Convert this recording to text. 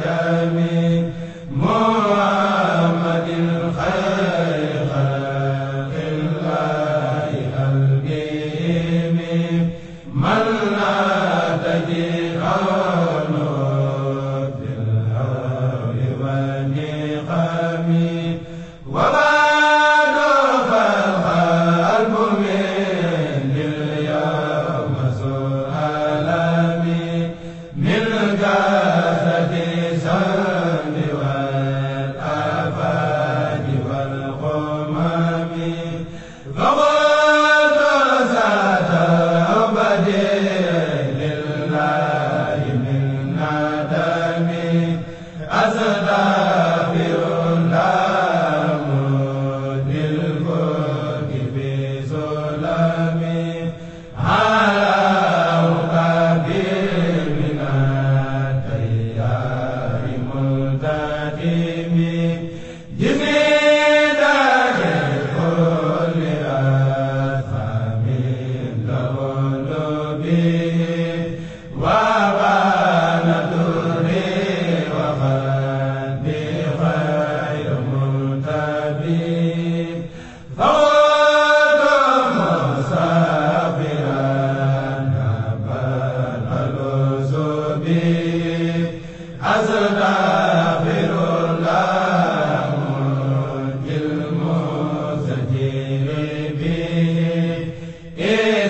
jaami azan e